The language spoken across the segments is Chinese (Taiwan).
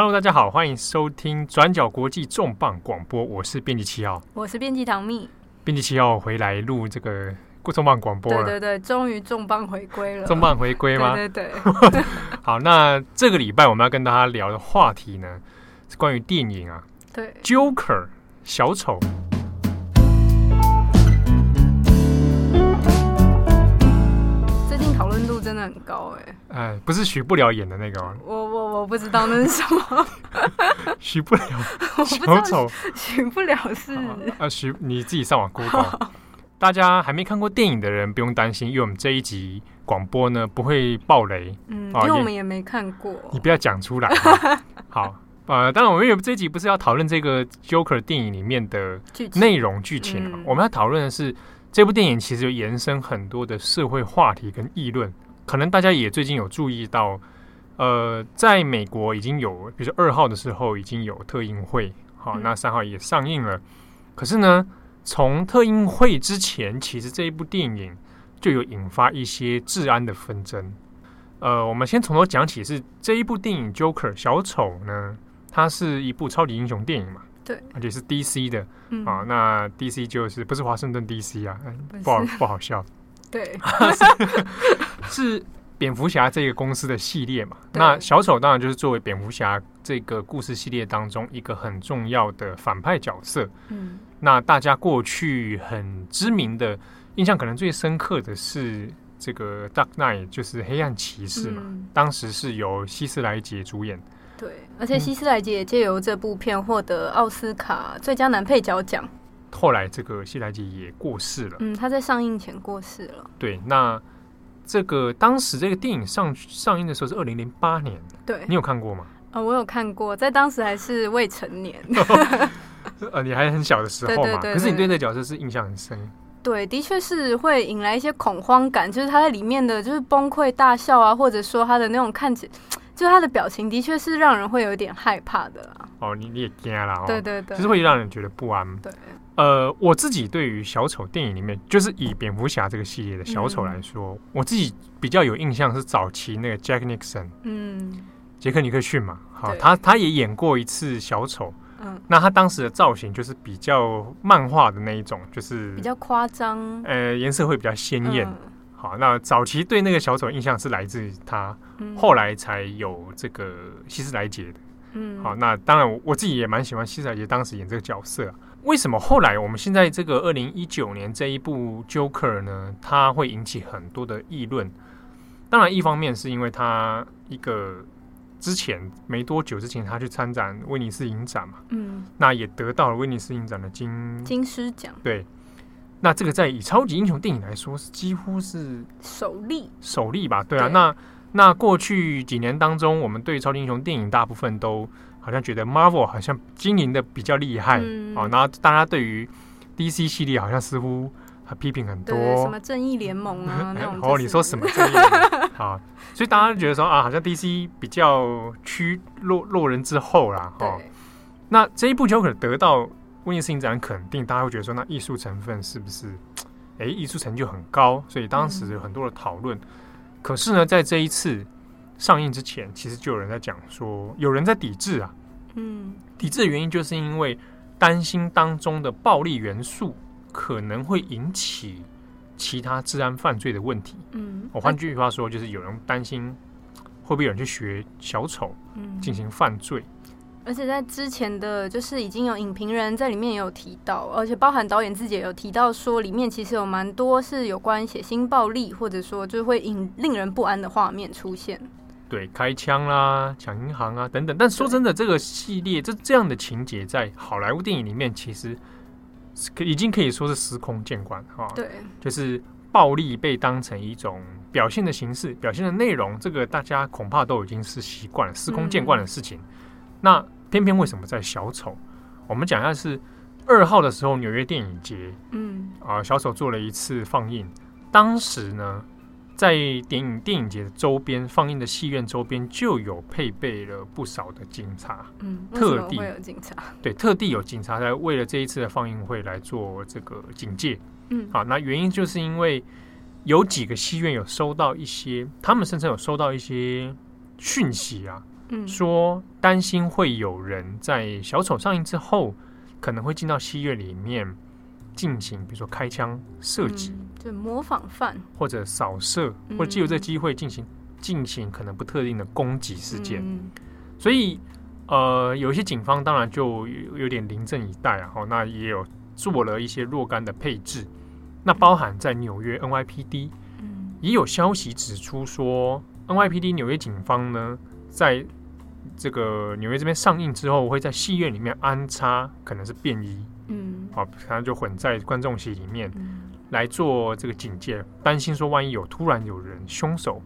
Hello，大家好，歡迎收聽轉角國際重磅廣播，我是編輯七號，我是編輯糖蜜，編輯七號回來錄這個重磅廣播了，對對對，終於重磅回歸了，重磅回歸嗎？對對、對， 好，那這個禮拜我們要跟大家聊的話題呢，是關於電影啊，對，Joker 小丑。很高哎、欸，哎、呃，不是許不了演的那個嗎？我我我不知道那是什麼，許 不了。 小丑，許不了是啊，許、啊、你自己上網 Google。大家還沒看過電影的人不用擔心，因為我們這一集廣播呢不會爆雷。嗯、啊，因為我們也沒看過，你不要講出來。 好，呃，當然我們有這一集不是要討論這個 Joker 電影裡面的內容劇情啊、劇情、嗯、我們要討論的是這部電影其實有延伸很多的社會話題跟議論。可能大家也最近有注意到，呃，在美國已經有，比如說二號的時候已經有特映會，好、哦，那三號也上映了。嗯、可是呢，從特映會之前，其實這一部電影就有引發一些治安的紛爭。呃，我們先從頭講起是，是這一部電影《Joker》小丑呢，它是一部超級英雄電影嘛？對，而且是 DC 的啊、嗯哦。那 DC 就是不是華盛頓 DC 啊？欸、不不好，不好笑。對。 不是 是蝙蝠俠這個公司的系列嘛。那小丑當然就是作為蝙蝠俠這個故事系列當中一個很重要的反派角色。嗯，那大家過去很知名的印象，可能最深刻的是這個 Dark Knight，就是黑暗騎士嘛。嗯。當時是由希斯萊傑主演。對，而且希斯萊傑也借由這部片獲得奧斯卡最佳男配角獎。嗯。後來這個希斯萊傑也過世了。嗯，他在上映前過世了。對，那。這個當時這個電影上上映的時候是二零零八年，對，你有看過嗎？哦。我有看過，在當時還是未成年，呃 哦，你還很小的時候嘛，對對對對對，可是你對那個角色是印象很深，對，的確是會引來一些恐慌感，就是他在裡面的就是崩潰大笑啊，或者說他的那種看起來，就他的表情的確是讓人會有點害怕的啦。哦，你你也驚了、哦，對，對對對，就是會讓人覺得不安，對。呃，我自己對於小丑電影裡面，就是以蝙蝠俠這個系列的小丑來說、嗯，我自己比較有印象是早期那個 Jack Nicholson 嗯，傑克尼克遜嘛，好，他他也演過一次小丑，嗯，那他當時的造型，就是比較漫畫的那一種，就是比較誇張，呃，顏色會比較鮮豔、嗯。好，那早期對那個小丑的印象是來自於他、嗯，後來才有這個希斯萊傑的，嗯，好，那當然我，我自己也蠻喜歡希斯萊傑當時演這個角色、啊。為什麼後來我們現在這個二零一九年，這一部《Joker》呢？它會引起很多的議論。當然，一方面是因為它一個之前沒多久之前，他去參展威尼斯影展嘛，嗯，那也得到了威尼斯影展的金金獅獎。對，那這個在以超級英雄電影來說是幾乎是首例，首例吧？對啊，對，那那過去幾年當中，我們對超級英雄電影大部分都。好像覺得 Marvel 好像經營的比較厲害、嗯、哦，那大家對於 DC 系列好像似乎批評很多，什麼正義聯盟啊，嗯欸、哦，你說什麼正義聯盟？好、 哦，所以大家覺得說啊，好像 DC 比較趨落落人之後啦，哈、哦。那這一部 Joker 得到威尼斯影展肯定，大家會覺得說那藝術成分是不是？哎、欸，藝術成就很高，所以當時有很多的討論、嗯。可是呢，在這一次上映之前，其實就有人在講說，有人在抵制啊。嗯，抵制的原因就是因為擔心當中的暴力元素可能會引起其他治安犯罪的問題。嗯，我換句話說、嗯、就是有人擔心會不會有人去學小丑進行犯罪。而且在之前的，就是已經有影評人在裡面也有提到，而且包含導演自己也有提到說，裡面其實有蠻多是有關血腥暴力，或者說就會引令人不安的畫面出現。對，開槍啦、啊，搶銀行啊，等等。但說真的，這個系列這這樣的情節在好萊塢電影裡面其實已經可以說是司空見慣哈、啊。對，就是暴力被當成一種表現的形式，表現的內容，這個大家恐怕都已經是習慣了，司空見慣的事情、嗯。那偏偏為什麼在《小丑》？我們講一下是二號的時候，紐約電影節，嗯啊，小丑做了一次放映，當時呢。在電影電影節的周邊放映的戲院周邊就有配備了不少的警察，嗯，特地有警察，對，特地有警察在為了這一次的放映會來做這個警戒，嗯，好，那原因就是因為有幾個戲院有收到一些，他們甚至有收到一些訊息啊，嗯，說擔心會有人在小丑上映之後可能會進到戲院裡面。進行，比如說開槍射擊，對、嗯、模仿犯或者掃射，或者借由這機會進行進行可能不特定的攻擊事件、嗯。所以，呃，有一些警方當然就有點臨陣以待啊。好、哦，那也有做了一些若干的配置。嗯、那包含在紐約 NYPD，嗯，也有消息指出說，NYPD 紐約警方呢，在這個紐約這邊上映之後，會在戲院裡面安插可能是便衣。好、哦，可能就混在觀眾席裡面來做這個警戒、嗯，擔心說萬一有突然有人兇手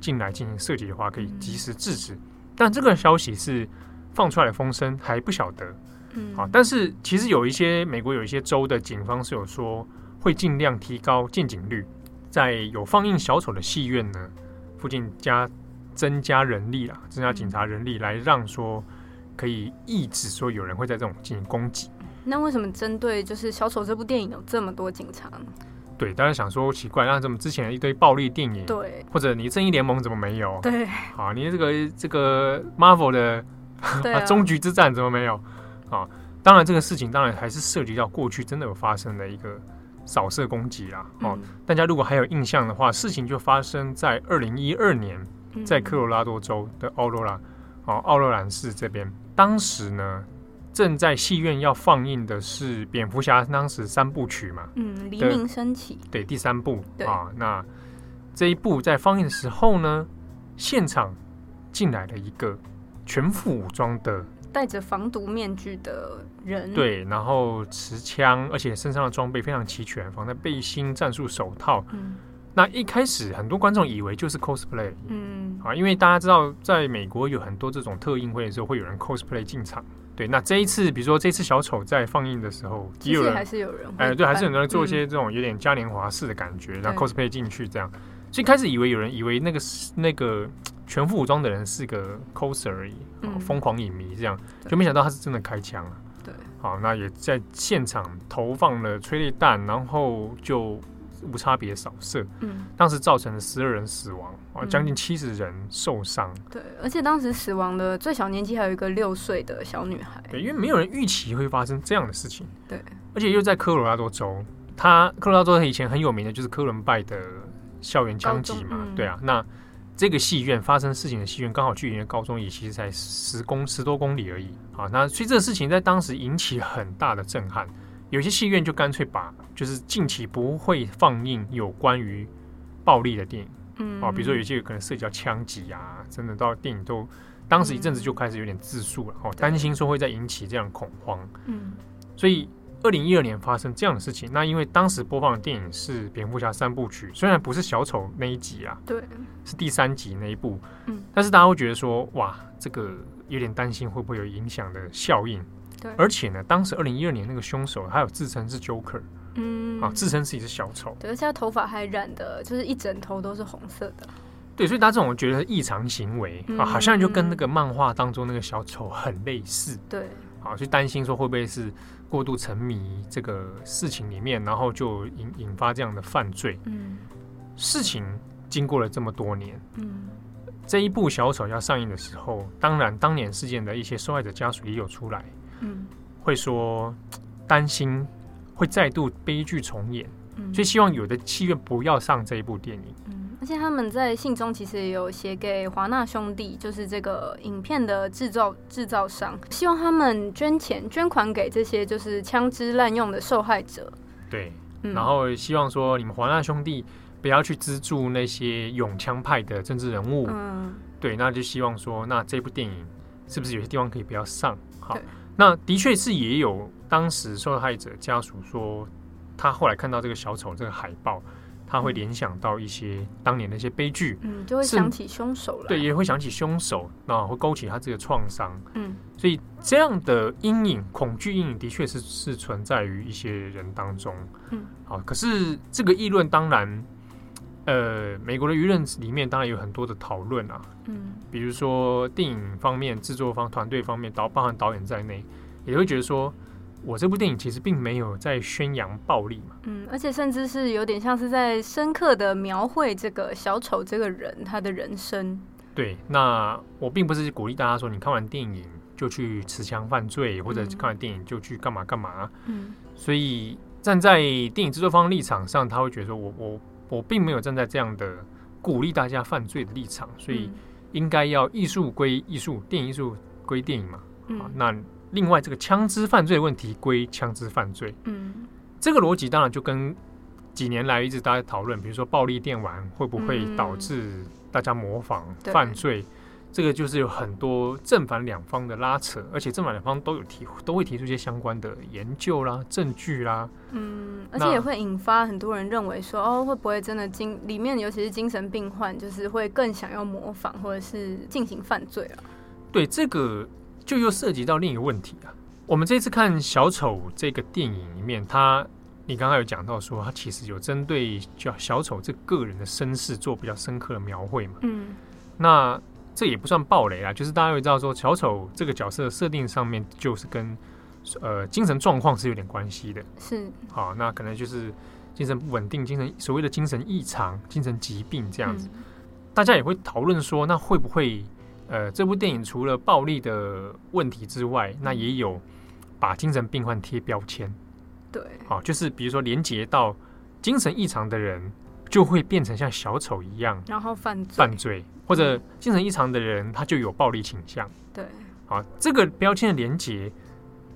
進來進行射擊的話，可以及時制止、嗯。但這個消息是放出來的風聲，還不曉得。嗯、哦，但是其實有一些、嗯、美國有一些州的警方是有說會盡量提高見警率，在有放映小丑的戲院呢附近加增加人力啊，增加警察人力來讓說可以抑制說有人會在這種進行攻擊。那為什麼針對就是小丑這部電影有這麼多警察？對，當然想說奇怪，那怎麼之前一堆暴力電影？對，或者你正義聯盟怎麼沒有？對，啊，你這個這個 Marvel 的終、啊啊、局之戰怎麼沒有？啊，當然這個事情當然還是涉及到過去真的有發生的一個掃射攻擊啊。哦、嗯，大家如果還有印象的話，事情就發生在二零一二年，在科羅拉多州的奧羅拉哦，奧羅拉市這邊，當時呢。正在戲院要放映的是蝙蝠俠當時三部曲嘛？嗯，黎明升起。對，第三部啊。那這一部在放映的時候呢，現場進來了一個全副武裝的、戴着防毒面具的人。對，然後持槍，而且身上的裝備非常齊全，防彈背心、戰術手套。嗯。那一開始很多觀眾以為就是 cosplay。嗯。啊，因為大家知道，在美國有很多這種特映會的時候，會有人 cosplay 進場。對，那這一次，比如說這一次小丑在放映的時候，也有人，哎、呃，對，還是有人會做一些這種有點嘉年華式的感覺，嗯、然後 cosplay 進去這樣。所以開始以為有人以為那個那個全副武裝的人是個 coser 而，、哦、已，瘋、嗯、狂影迷這樣，就沒想到他是真的開槍了。啊。對，好，那也在現場投放了催淚彈，然後就。無差別掃射，嗯，當時造成了十二人死亡，嗯、啊，將近七十人受傷。對，而且當時死亡的最小年紀還有一個六歲的小女孩。對，因為沒有人預期會發生這樣的事情。對，而且又在科羅拉多州，他科羅拉多它以前很有名的就是科倫拜的校園槍擊嘛、嗯，對啊，那這個戲院發生事情的戲院剛好距離高中也其實才十公十多公里而已，啊，那所以這個事情在當時引起很大的震撼。有些戲院就乾脆把，就是近期不會放映有關於暴力的電影，嗯，啊，比如說有些可能涉及到槍擊啊，真的到電影都當時一陣子就開始有點自肅了，哦，擔心說會再引起這樣恐慌，嗯，所以二零一二年發生這樣的事情，那因為當時播放的電影是蝙蝠俠三部曲，雖然不是小丑那一集啊，對，是第三集那一部，嗯，但是大家會覺得說，哇，這個有點擔心會不會有影響的效應。而且呢，當時二零一二年那個凶手他有自稱是 Joker，嗯，啊，自稱自己是一小丑，對，而他頭髮還染的，就是一整頭都是紅色的，對，所以他這種覺得異常行為、嗯、啊，好像就跟那個漫畫當中那個小丑很類似，對、嗯，好、啊，所以擔心說會不會是過度沉迷這個事情裡面，然後就引引發這樣的犯罪，嗯，事情經過了這麼多年，嗯，這一部小丑要上映的時候，當然當年事件的一些受害者家屬也有出來。嗯，會說擔心會再度悲劇重演，嗯，所以希望有的戲院不要上這一部電影，嗯，而且他們在信中其實也有寫給華納兄弟，就是這個影片的制造製造商，希望他們捐錢捐款給這些就是槍支濫用的受害者，對，嗯、然後希望說你們華納兄弟不要去資助那些擁槍派的政治人物，嗯，對，那就希望說那這部電影是不是有些地方可以不要上，好。那的確是也有，當時受害者家屬說，他後來看到這個小丑這個海報，他會聯想到一些當年的一些悲劇，嗯，就會想起兇手了，對，也會想起兇手，那會勾起他這個創傷，嗯，所以這樣的陰影、恐懼陰影的確是是存在於一些人當中，嗯，好，可是這個議論當然。呃，美國的輿論裡面當然有很多的討論啊，嗯，比如說電影方面、製作方、團隊方面，導包含導演在內，也會覺得說，我這部電影其實並沒有在宣揚暴力嘛，嗯，而且甚至是有點像是在深刻的描繪這個小丑這個人他的人生。對，那我並不是鼓勵大家說，你看完電影就去持槍犯罪，嗯，或者看完電影就去幹嘛幹嘛啊，嗯，所以站在電影製作方的立場上，他會覺得說我我。我並沒有站在這樣的鼓勵大家犯罪的立場，所以應該要藝術歸藝術，電影藝術歸電影嘛。啊、嗯，那另外這個槍支犯罪問題歸槍支犯罪。嗯，這個邏輯當然就跟幾年來一直大家討論，比如說暴力電玩會不會導致大家模仿犯罪？嗯這個就是有很多正反兩方的拉扯，而且正反兩方都有提，都會提出一些相關的研究啦、證據啦。嗯，而且也會引發很多人認為說，哦，會不會真的精裡面，尤其是精神病患，就是會更想要模仿或者是進行犯罪啊？對，這個就又涉及到另一個問題啊。嗯、我們這次看小丑這個電影裡面，他你剛剛有講到說，他其實有針對叫小丑這個人的身世做比較深刻的描繪嘛？嗯，那。這也不算暴雷啊，就是大家會知道說，小丑這個角色設定上面就是跟，呃，精神狀況是有點關係的。是，好，啊，那可能就是精神不穩定、精神所謂的精神異常、精神疾病這樣子。嗯，大家也會討論說，那會不會呃，這部電影除了暴力的問題之外，那也有把精神病患貼標籤？對，好，啊，就是比如說連接到精神異常的人。就會變成像小丑一樣，然後犯罪，犯罪或者精神異常的人，他就有暴力傾向。對，啊，這個標籤的連結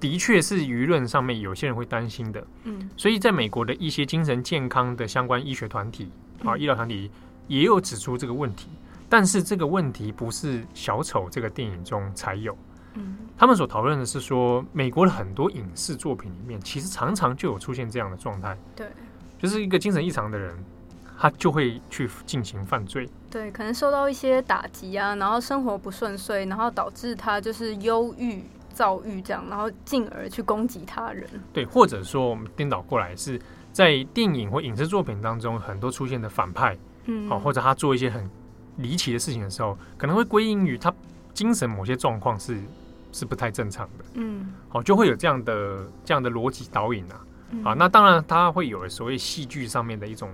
的確是輿論上面有些人會擔心的。嗯，所以在美國的一些精神健康的相關醫學團體啊，醫療團體也有指出這個問題。但是這個問題不是小丑這個電影中才有，嗯，他們所討論的是說，美國的很多影視作品裡面，其實常常就有出現這樣的狀態。對，就是一個精神異常的人。他就會去進行犯罪，對，可能受到一些打擊啊，然後生活不順遂，然後導致他就是憂鬱、躁鬱這樣，然後進而去攻擊他人。對，或者說我們顛倒過來，是在電影或影視作品當中很多出現的反派，嗯，好，或者他做一些很離奇的事情的時候，可能會歸因於他精神某些狀況是是不太正常的，嗯，好，就會有這樣的這樣的邏輯導引啊，好，那當然他會有所謂戲劇上面的一種。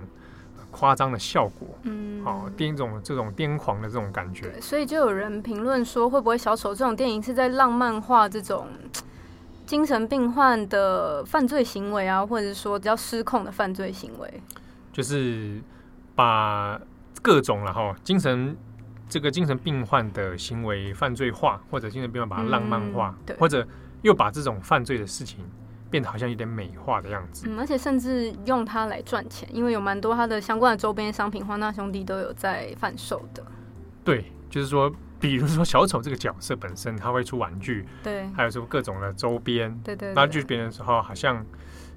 誇張的效果，嗯，好、哦，癲一種這種癲狂的這種感覺，所以就有人評論說，會不會小丑這種電影是在浪漫化這種精神病患的犯罪行為啊，或者是說比較失控的犯罪行為，就是把各種然後、哦、精神這個精神病患的行為犯罪化，或者精神病患把它浪漫化，嗯、對，或者又把這種犯罪的事情。變得好像有點美化的樣子，嗯，而且甚至用它來賺錢，因為有蠻多它的相關的周邊商品，華納兄弟都有在販售的。對，就是說，比如說小丑這個角色本身，他會出玩具，對，還有說各種的周邊，對對，對，對。那就別人說，好像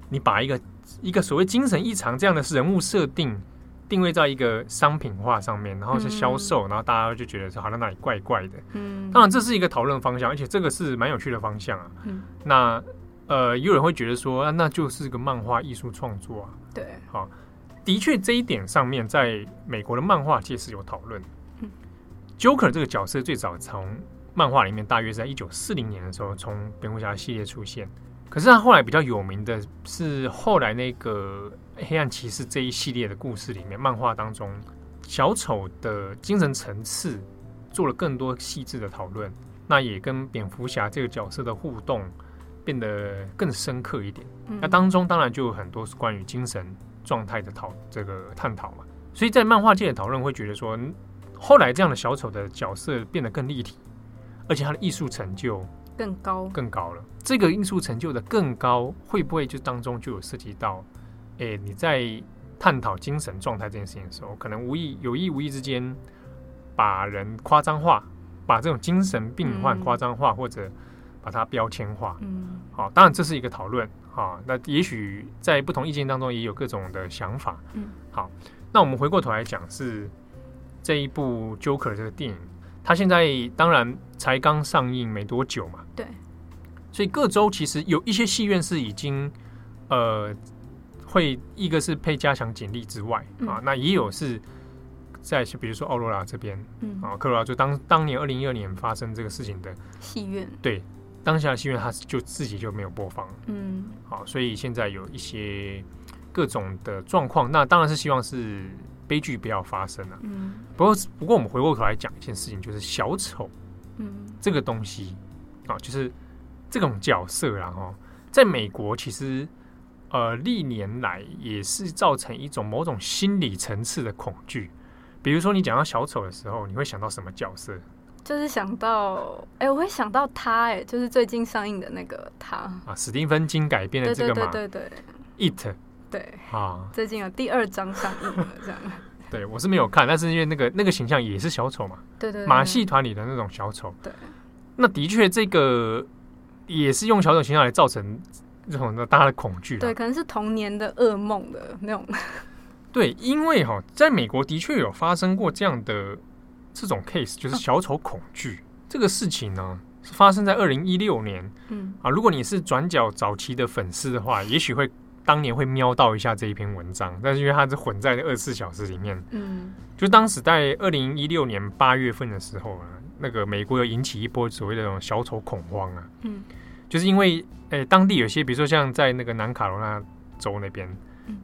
你把一個一個所謂精神異常這樣的人物設定定位在一個商品化上面，然後是銷售，嗯，然後大家就覺得是好像那裡怪怪的。嗯，當然這是一個討論方向，而且這個是蠻有趣的方向啊。嗯，那。呃，有人會覺得說，那就是個漫畫藝術創作啊。對，好，的確這一點上面，在美國的漫畫界是有討論。嗯，Joker 這個角色最早從漫畫裡面，大約在一九四零年的時候，從蝙蝠俠系列出現。可是他後來比較有名的，是後來那個黑暗騎士這一系列的故事裡面，漫畫當中小丑的精神層次做了更多細緻的討論。那也跟蝙蝠俠這個角色的互動。變得更深刻一點，那當中當然就有很多是關於精神狀態的討、嗯、這個探討嘛。所以在漫畫界的討論會覺得說，後來這樣的小丑的角色變得更立體，而且他的藝術成就更高更高了。這個藝術成就的更高，會不會就當中就有涉及到？欸、你在探討精神狀態這件事情的時候，可能無意有意無意之間把人誇張化，把這種精神病患誇張化、嗯，或者。把它標籤化，嗯，好，當然這是一個討論，啊，那也許在不同意見當中也有各種的想法，嗯，好，那我們回過頭來講是這一部《Joker》這個電影，它現在當然才剛上映沒多久嘛，對，所以各州其實有一些戲院是已經呃會一個是配加強警力之外，嗯，啊，那也有是在比如說奧羅拉這邊，嗯，啊，科羅拉就當當年二零一二年發生這個事情的戲院，對。當下的戲院他就自己就沒有播放，嗯，好，所以現在有一些各種的狀況，那當然是希望是悲劇不要發生了，嗯，不過不過我們回過頭來講一件事情，就是小丑，嗯，這個東西啊，就是這種角色然後在美國其實呃歷年來也是造成一種某種心理層次的恐懼，比如說你講到小丑的時候，你會想到什麼角色？就是想到，哎、欸，我會想到他、欸，哎，就是最近上映的那個他啊，史蒂芬金改編的這個嘛，對對對對，It，對啊，最近有第二章上映了，這樣， 對我是沒有看，但是因為那個那個形象也是小丑嘛，對對,對，馬戲團裡的那種小丑，對，那的確這個也是用小丑形象來造成這種的大家的恐懼，對，可能是童年的噩夢的那種 ，對，因為哈，在美國的確有發生過這樣的。這種 case 就是小丑恐懼、哦、這個事情呢，是發生在二零一六年。嗯啊，如果你是轉角早期的粉絲的話，也許會當年會瞄到一下這一篇文章，但是因為它是混在二十四小時裡面，嗯，就當時在二零一六年八月份的時候啊，那個美國又引起一波所謂的這種小丑恐慌啊，嗯，就是因為誒、欸、當地有些比如說像在那個南卡羅來納州那邊。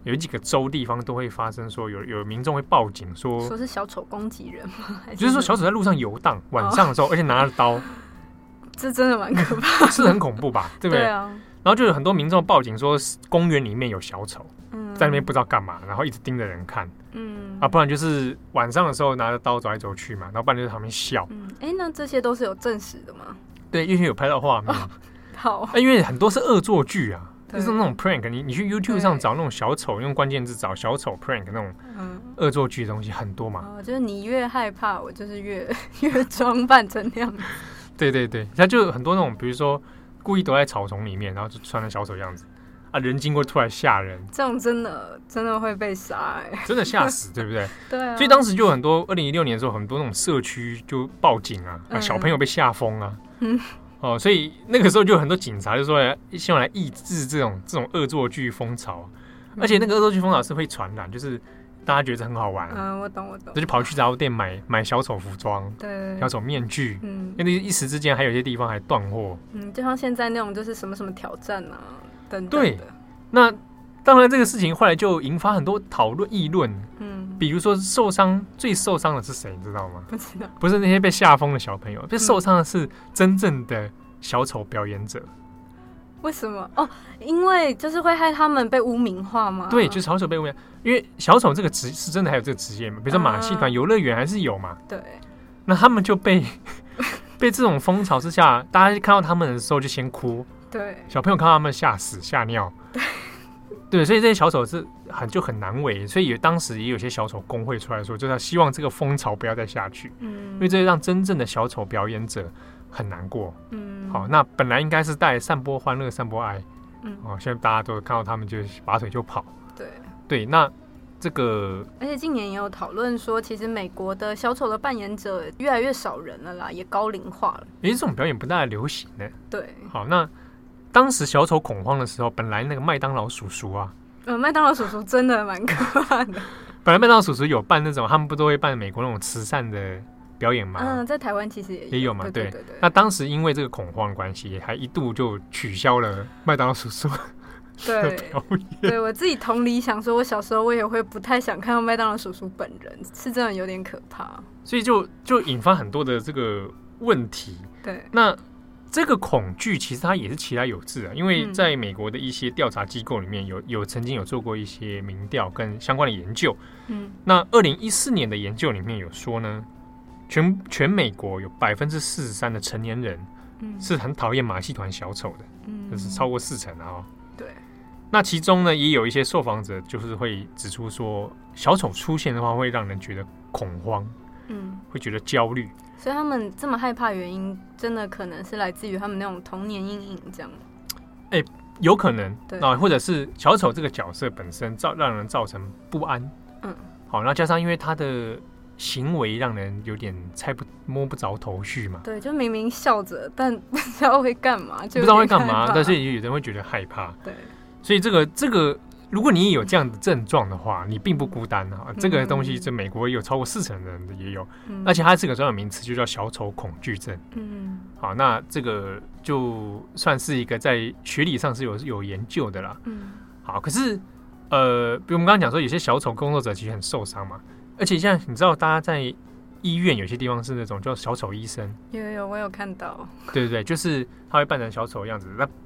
有幾個州地方都會發生，說有有民眾會報警說，說是小丑攻擊人嗎還是？就是說小丑在路上遊蕩，晚上的時候，oh. 而且拿着刀， 這真的蠻可怕的， 是很恐怖吧？ 對不對？對啊。然後就有很多民眾報警說，公園裡面有小丑，嗯、在那邊不知道幹嘛，然後一直盯着人看。嗯。啊，不然就是晚上的時候拿着刀走來走去嘛，然後半夜在旁邊笑。嗯。哎、欸，那這些都是有證實的嗎？對，因為有拍到畫面。Oh. 好、欸。因為很多是惡作劇啊。就是那種 prank，你你去 YouTube 上找那種小丑，用關鍵字找小丑 prank 那種惡作劇的東西很多嘛。嗯哦、就是你越害怕，我就是越越裝扮成那樣。 對對對，那就很多那種，比如說故意躲在草叢裡面，然後就穿成小丑樣子啊，人經過突然嚇人，這樣真的真的會被殺，欸，真的嚇死，對不對？ 對、啊。所以當時就很多，二零一六年的時候，很多那種社區就報警啊，嗯、啊，小朋友被嚇瘋啊。嗯。哦，所以那個時候就有很多警察就說來希望來抑制這種這種惡作劇風潮，嗯，而且那個惡作劇風潮是會傳染，就是大家覺得很好玩，嗯，我懂我懂，就跑去雜物店買買小丑服裝，對，小丑面具，嗯，因為一時之間還有些地方還斷貨，嗯，就像現在那種就是什麼什麼挑戰啊等等。對，那當然這個事情後來就引發很多討論議論，嗯。比如說受傷最受傷的是誰，你知道嗎？不知道，不是那些被嚇瘋的小朋友，被、嗯、受傷的是真正的小丑表演者。為什麼？哦，因為就是會害他們被污名化嗎？對，就是小丑被污名化，因為小丑這個職業是真的還有這個職業嘛？比如說馬戲團、遊樂園還是有嘛？對。那他們就被被這種風潮之下， 大家看到他們的時候就先哭。對。小朋友看到他們嚇死嚇尿。對，所以這些小丑是很就很難為，所以也當時也有些小丑工會出來說，就是要希望這個風潮不要再下去，嗯，因為這讓真正的小丑表演者很難過，嗯，好，那本來應該是帶散播歡樂、散播愛，嗯，哦，現在大家都看到他們就拔腿就跑，對，對，那這個，而且近年也有討論說，其實美國的小丑的扮演者越來越少人了啦，也高齡化了，因為這種表演不大流行呢。對，好，那。當時小丑恐慌的時候，本來那個麥當勞叔叔啊，嗯、呃，麥當勞叔叔真的蠻可怕的。本來麥當勞叔叔有辦那種，他們不都會辦美國那種慈善的表演嗎？嗯，在台灣其實也有，也有嘛，對對對，對,對。那當時因為這個恐慌關係，還一度就取消了麥當勞叔叔的表演。對，對我自己同理，想說，我小時候我也會不太想看到麥當勞叔叔本人，是真的有點可怕。所以就就引發很多的這個問題。對，那。這個恐懼其實它也是其來有自啊，因為在美國的一些調查機構裡面有有曾經有做過一些民調跟相關的研究。嗯，那二零一四年的研究裡面有說呢，全全美國有百分之四十三的成年人是很討厭馬戲團小丑的，嗯，就是超過四成啊。哦。對，那其中呢也有一些受訪者就是會指出說，小丑出現的話會讓人覺得恐慌。嗯，會覺得焦慮，所以他們這麼害怕，原因真的可能是來自於他們那種童年陰影，這樣、欸、有可能。對、啊，或者是小丑這個角色本身造讓人造成不安。嗯，好，那加上因為他的行為讓人有點猜不摸不着頭緒嘛。對，就明明笑着，但不知道會幹嘛就，就不知道會幹嘛，但是也有人會覺得害怕。對，所以這個這個。如果你也有這樣的症狀的話，嗯、你並不孤單、嗯、啊！這個東西在美國有超過四成的人也有、嗯，而且它是個專有名詞，就叫小丑恐懼症。嗯，好，那這個就算是一個在學理上是有有研究的啦。嗯，好，可是呃，比如我們剛剛講說，有些小丑工作者其實很受傷嘛，而且像你知道，大家在醫院有些地方是那種叫小丑醫生，有有我有看到，對對對，就是他會扮成小丑的樣子，那。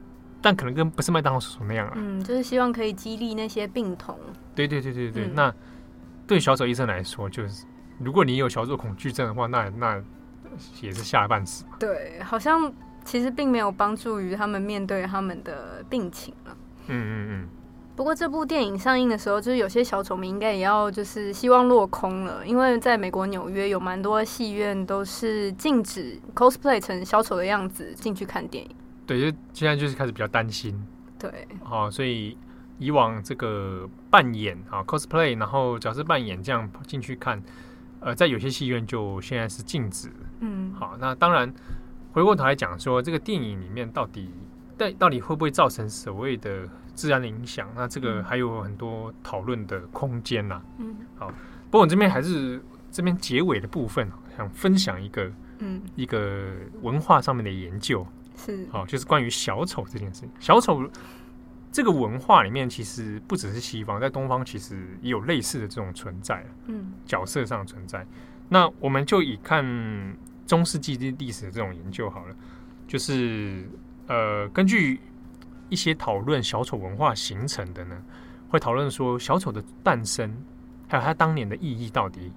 但可能跟不是麥當勞叔叔那樣啊。嗯，就是希望可以激勵那些病童。對對對對對，嗯、那對小丑醫生來說，就是如果你有小丑恐懼症的話，那那也是嚇半死。對，好像其實並沒有幫助於他們面對他們的病情了。嗯嗯嗯。不過這部電影上映的時候，就是有些小丑們應該也要就是希望落空了，因為在美國紐約有蠻多戲院都是禁止 cosplay 成小丑的樣子進去看電影。對，就現在就是開始比較擔心。對，好、哦，所以以往這個扮演啊，cosplay，然後角色扮演這樣進去看，呃，在有些戲院就現在是禁止。嗯，好，那當然回過頭來講說，說這個電影裡面到底，但到底會不會造成所謂的治安的影響？那這個還有很多討論的空間吶、啊。嗯，好，不過我這邊還是這邊結尾的部分、啊，想分享一個，嗯，一個文化上面的研究。好，就是關於小丑這件事情。小丑這個文化裡面，其實不只是西方，在東方其實也有類似的這種存在。嗯，角色上的存在。那我們就以看中世紀的歷史這種研究好了。就是呃，根據一些討論小丑文化形成的呢，會討論說小丑的誕生，還有他當年的意義到底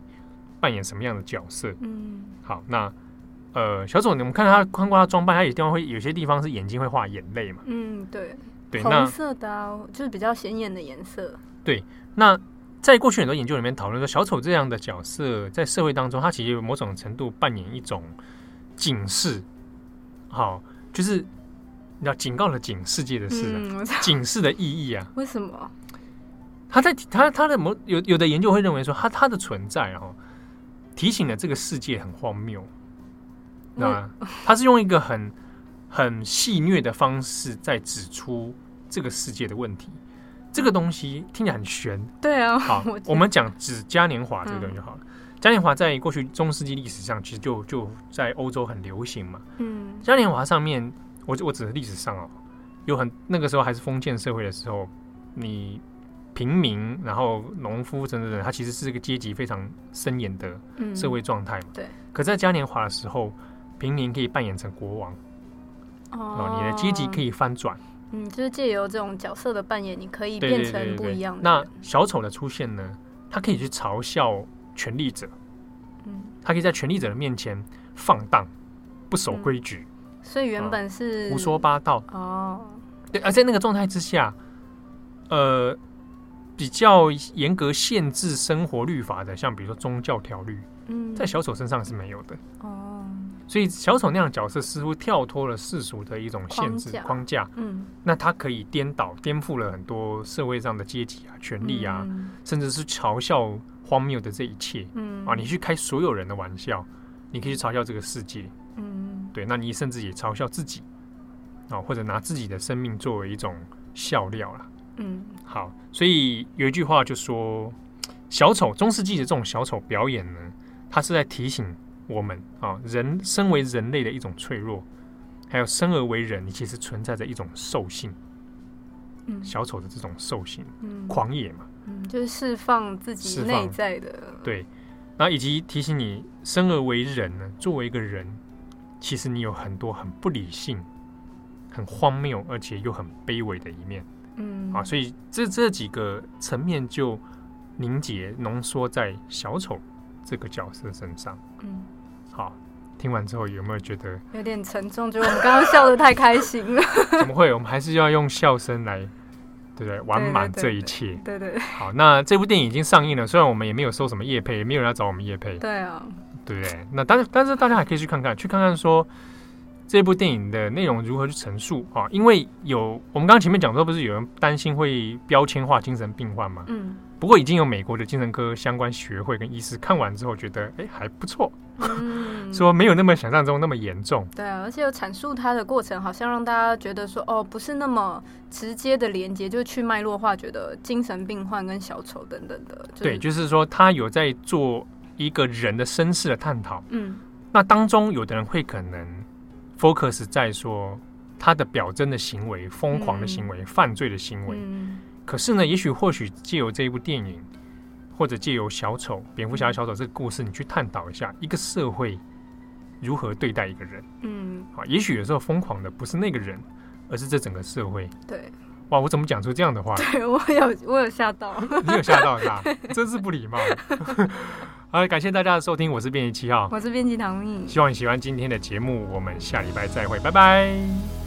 扮演什麼樣的角色。嗯，好，那。呃，小丑，你們看，看他，看過他裝扮，他有地方會，有些地方是眼睛會畫眼淚嘛？嗯，對，對，紅色的、啊，就是比較顯眼的顏色。對，那在過去很多研究裡面討論說，小丑這樣的角色在社會當中，他其實某種程度扮演一種警示，好，就是要警告了警世界的事、啊嗯、警示的意義啊？為什麼？他在他他的某有有的研究會認為說，他他的存在哦，提醒了這個世界很荒謬。那他是用一個很很戲謔的方式在指出這個世界的問題。這個東西聽起來很玄，對啊。好，我,我們講指嘉年華這個東西就好了。嗯、嘉年華在過去中世紀歷史上其實就就在歐洲很流行嘛。嗯。嘉年華上面，我我指的歷史上哦，有很那個時候還是封建社會的時候，你平民然後農夫等,等等等，它其實是一個階級非常森嚴的社會狀態嘛、嗯。對。可在嘉年華的時候。平民可以扮演成國王，哦、oh.，你的階級可以翻轉，嗯，就是借由這種角色的扮演，你可以變成不一樣的對對對對對。那小丑的出現呢？他可以去嘲笑權力者，嗯，他可以在權力者的面前放蕩不守規矩，嗯，所以原本是、嗯、胡說八道哦。Oh. 對，而在那個狀態之下，呃，比較嚴格限制生活律法的，像比如說宗教條律，嗯，在小丑身上是沒有的哦。Oh. 所以小丑那樣的角色似乎跳脫了世俗的一種限制框架，框架，嗯，那它可以顛倒顛覆了很多社會上的階級啊、權力啊、嗯，甚至是嘲笑荒謬的這一切，嗯啊，你去開所有人的玩笑，你可以去嘲笑這個世界，嗯，對，那你甚至也嘲笑自己，啊，或者拿自己的生命作為一種笑料啦、啊。嗯，好，所以有一句話就說，小丑中世紀的這種小丑表演呢，它是在提醒。我們啊、哦，人身為人類的一種脆弱，還有生而為人，你其實存在着一種獸性，嗯，小丑的這種獸性，嗯，狂野嘛，嗯，就是釋放自己內在的對，然後以及提醒你，生而為人呢，作為一個人，其實你有很多很不理性、很荒謬，而且又很卑微的一面，嗯，啊、哦，所以這這幾個層面就凝結濃縮在小丑這個角色身上，嗯。好，聽完之後，有沒有覺得有點沉重？覺得我們剛剛笑得太開心了？ 怎麼會？我們還是要用笑聲來，對不對？完滿這一切。對對，對，對，對，對，對對，好，那這部電影已經上映了，雖然我們也沒有收什麼業配，也沒有人要找我們業配。對啊、哦。對對？那但是但是大家還可以去看看，去看看說這部電影的內容如何去陳述啊？因為有我們剛剛前面講說，不是有人擔心會標籤化，、精神病患嗎？嗯。不過已經有美國的精神科相關學會跟醫師看完之後覺得，哎、欸，還不錯。嗯、 說沒有那麼想象中那麼嚴重。對啊，而且有闡述他的過程，好像讓大家覺得說，哦，不是那麼直接的連接，就是去脈絡化，覺得精神病患跟小丑等等的，就是。對，就是說他有在做一個人的身世的探討。嗯，那當中有的人會可能 focus 在說他的表徵的行為、瘋狂的行為、嗯、犯罪的行為。嗯，可是呢，也許或許借由這一部電影。或者借由小丑、蝙蝠俠、小丑這個故事，你去探討一下一個社會如何對待一個人。嗯，也許有時候瘋狂的不是那個人，而是這整個社會。對，哇，我怎麼講出這樣的話？對我有，我有嚇到。 你有嚇到是吧？ 真是不禮貌。 好，感謝大家的收聽，我是編輯七號，我是編輯糖蜜，希望你喜歡今天的節目，我們下禮拜再會，拜拜。